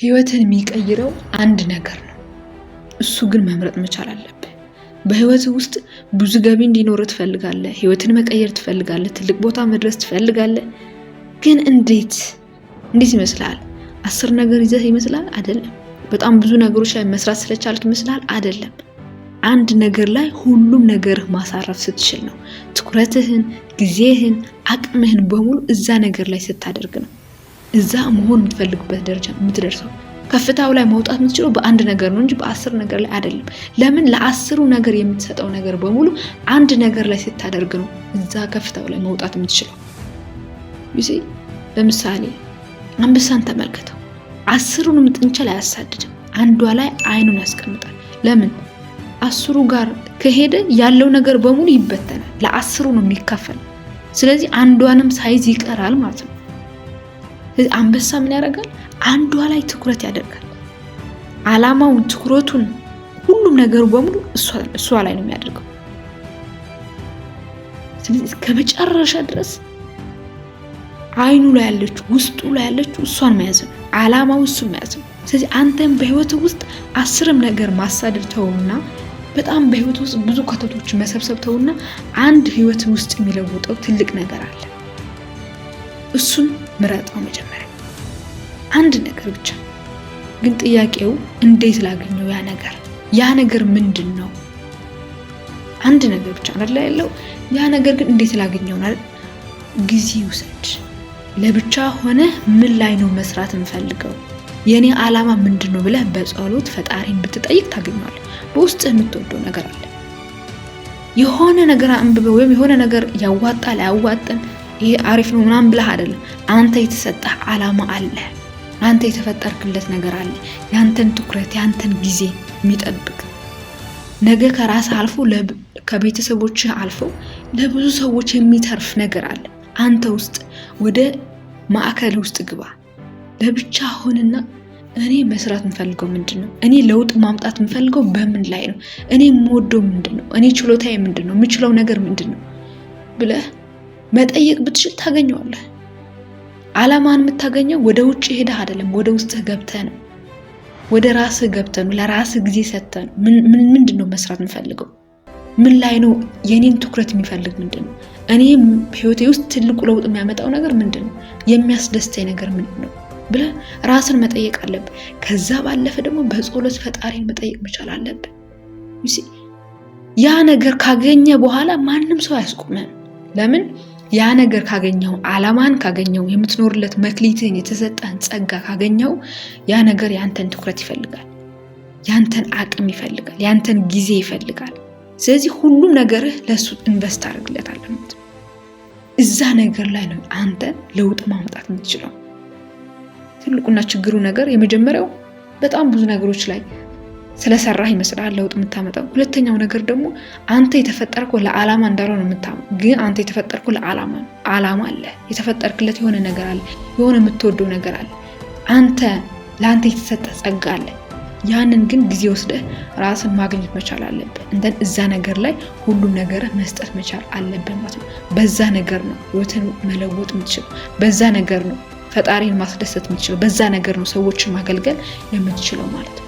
ህይወትን የሚቀይረው አንድ ነገር ነው። እሱ ግን መምረጥ መቻል አለብህ። በህይወት ውስጥ ብዙ ገቢ እንዲኖር ትፈልጋለህ። ህይወትን መቀየር ትፈልጋለህ። ትልቅ ቦታ መድረስ ትፈልጋለህ። ግን እንዴት እንዴት ይመስልሃል? አስር ነገር ይዘህ ይመስላል አይደለም። በጣም ብዙ ነገሮች ላይ መስራት ስለቻልክ ይመስላል አይደለም። አንድ ነገር ላይ ሁሉም ነገርህ ማሳረፍ ስትችል ነው። ትኩረትህን፣ ጊዜህን፣ አቅምህን በሙሉ እዛ ነገር ላይ ስታደርግ ነው። እዛ መሆን የምትፈልግበት ደረጃ የምትደርሰው ከፍታው ላይ መውጣት የምትችለው በአንድ ነገር ነው እንጂ በአስር ነገር ላይ አይደለም። ለምን? ለአስሩ ነገር የምትሰጠው ነገር በሙሉ አንድ ነገር ላይ ስታደርግ ነው እዛ ከፍታው ላይ መውጣት የምትችለው። ጊዜ ለምሳሌ አንበሳን ተመልከተው። አስሩንም ጥንቸል አያሳድድም፣ አንዷ ላይ አይኑን ያስቀምጣል። ለምን? አስሩ ጋር ከሄደ ያለው ነገር በሙሉ ይበተናል፣ ለአስሩ ነው የሚከፈል። ስለዚህ አንዷንም ሳይዝ ይቀራል ማለት ነው። አንበሳ ምን ያደርጋል? አንዷ ላይ ትኩረት ያደርጋል። አላማውን፣ ትኩረቱን፣ ሁሉም ነገሩ በሙሉ እሷ ላይ ነው የሚያደርገው። ስለዚህ ከመጨረሻ ድረስ አይኑ ላይ ያለችው ውስጡ ላይ ያለችው እሷን መያዝ ነው። አላማው እሱ መያዝ ነው። ስለዚህ አንተም በህይወት ውስጥ አስርም ነገር ማሳደድ ተውና በጣም በህይወት ውስጥ ብዙ ከተቶች መሰብሰብ ተውና አንድ ህይወት ውስጥ የሚለውጠው ትልቅ ነገር አለ። እሱን ምረጠው። መጀመሪያ አንድ ነገር ብቻ ግን ጥያቄው እንዴት ላገኘው? ያ ነገር ያ ነገር ምንድን ነው? አንድ ነገር ብቻ አይደለ ያለው ያ ነገር ግን እንዴት ላገኘው? ጊዜ ውሰድ። ለብቻ ሆነ ምን ላይ ነው መስራት የምፈልገው? የእኔ ዓላማ ምንድን ነው ብለህ በጸሎት ፈጣሪን ብትጠይቅ ታገኘዋለህ። በውስጥ የምትወደው ነገር አለ። የሆነ ነገር አንብበ ወይም የሆነ ነገር ያዋጣል አያዋጥም ይሄ አሪፍ ነው ምናምን ብለህ አይደለም። አንተ የተሰጠህ ዓላማ አለ፣ አንተ የተፈጠርክለት ነገር አለ። ያንተን ትኩረት ያንተን ጊዜ የሚጠብቅ ነገ ከራስ አልፎ ከቤተሰቦችህ አልፎ ለብዙ ሰዎች የሚተርፍ ነገር አለ። አንተ ውስጥ ወደ ማዕከል ውስጥ ግባ። ለብቻ ሆንና እኔ መስራት የምፈልገው ምንድን ነው? እኔ ለውጥ ማምጣት የምፈልገው በምን ላይ ነው? እኔ የምወደው ምንድን ነው? እኔ ችሎታዬ ምንድን ነው? የምችለው ነገር ምንድን ነው ብለህ መጠየቅ ብትችል ታገኘዋለህ። ዓላማን የምታገኘው ወደ ውጭ ሄደህ አይደለም፣ ወደ ውስጥህ ገብተህ ነው። ወደ ራስህ ገብተህ ነው። ለራስህ ጊዜ ሰጥተህ ነው። ምንድን ነው መስራት የምፈልገው? ምን ላይ ነው የኔን ትኩረት የሚፈልግ ምንድን ነው? እኔ ህይወቴ ውስጥ ትልቁ ለውጥ የሚያመጣው ነገር ምንድን ነው? የሚያስደስተኝ ነገር ምንድን ነው ብለህ ራስን መጠየቅ አለብህ። ከዛ ባለፈ ደግሞ በጸሎት ፈጣሪን መጠየቅ መቻል አለብህ። ያ ነገር ካገኘ በኋላ ማንም ሰው አያስቆመም። ለምን ያ ነገር ካገኘው፣ አላማን ካገኘው፣ የምትኖርለት መክሊትን የተሰጠህን ጸጋ ካገኘው፣ ያ ነገር ያንተን ትኩረት ይፈልጋል፣ ያንተን አቅም ይፈልጋል፣ ያንተን ጊዜ ይፈልጋል። ስለዚህ ሁሉም ነገርህ ለእሱ ኢንቨስት አድርግለታል። እዛ ነገር ላይ ነው አንተ ለውጥ ማምጣት የምትችለው። ትልቁና ችግሩ ነገር የመጀመሪያው በጣም ብዙ ነገሮች ላይ ስለሰራህ ይመስላል ለውጥ የምታመጣው። ሁለተኛው ነገር ደግሞ አንተ የተፈጠርከው ለዓላማ እንዳልሆነ የምታም ግን አንተ የተፈጠርከው ለዓላማ ነው። ዓላማ አለ፣ የተፈጠርክለት የሆነ ነገር አለ፣ የሆነ የምትወደው ነገር አለ፣ አንተ ለአንተ የተሰጠ ጸጋ አለ። ያንን ግን ጊዜ ወስደህ ራስን ማግኘት መቻል አለብህ። እንደን እዛ ነገር ላይ ሁሉም ነገር መስጠት መቻል አለብህ ማለት ነው። በዛ ነገር ነው ህይወትን መለወጥ የምትችለው። በዛ ነገር ነው ፈጣሪን ማስደሰት የምትችለው። በዛ ነገር ነው ሰዎችን ማገልገል የምትችለው ማለት ነው።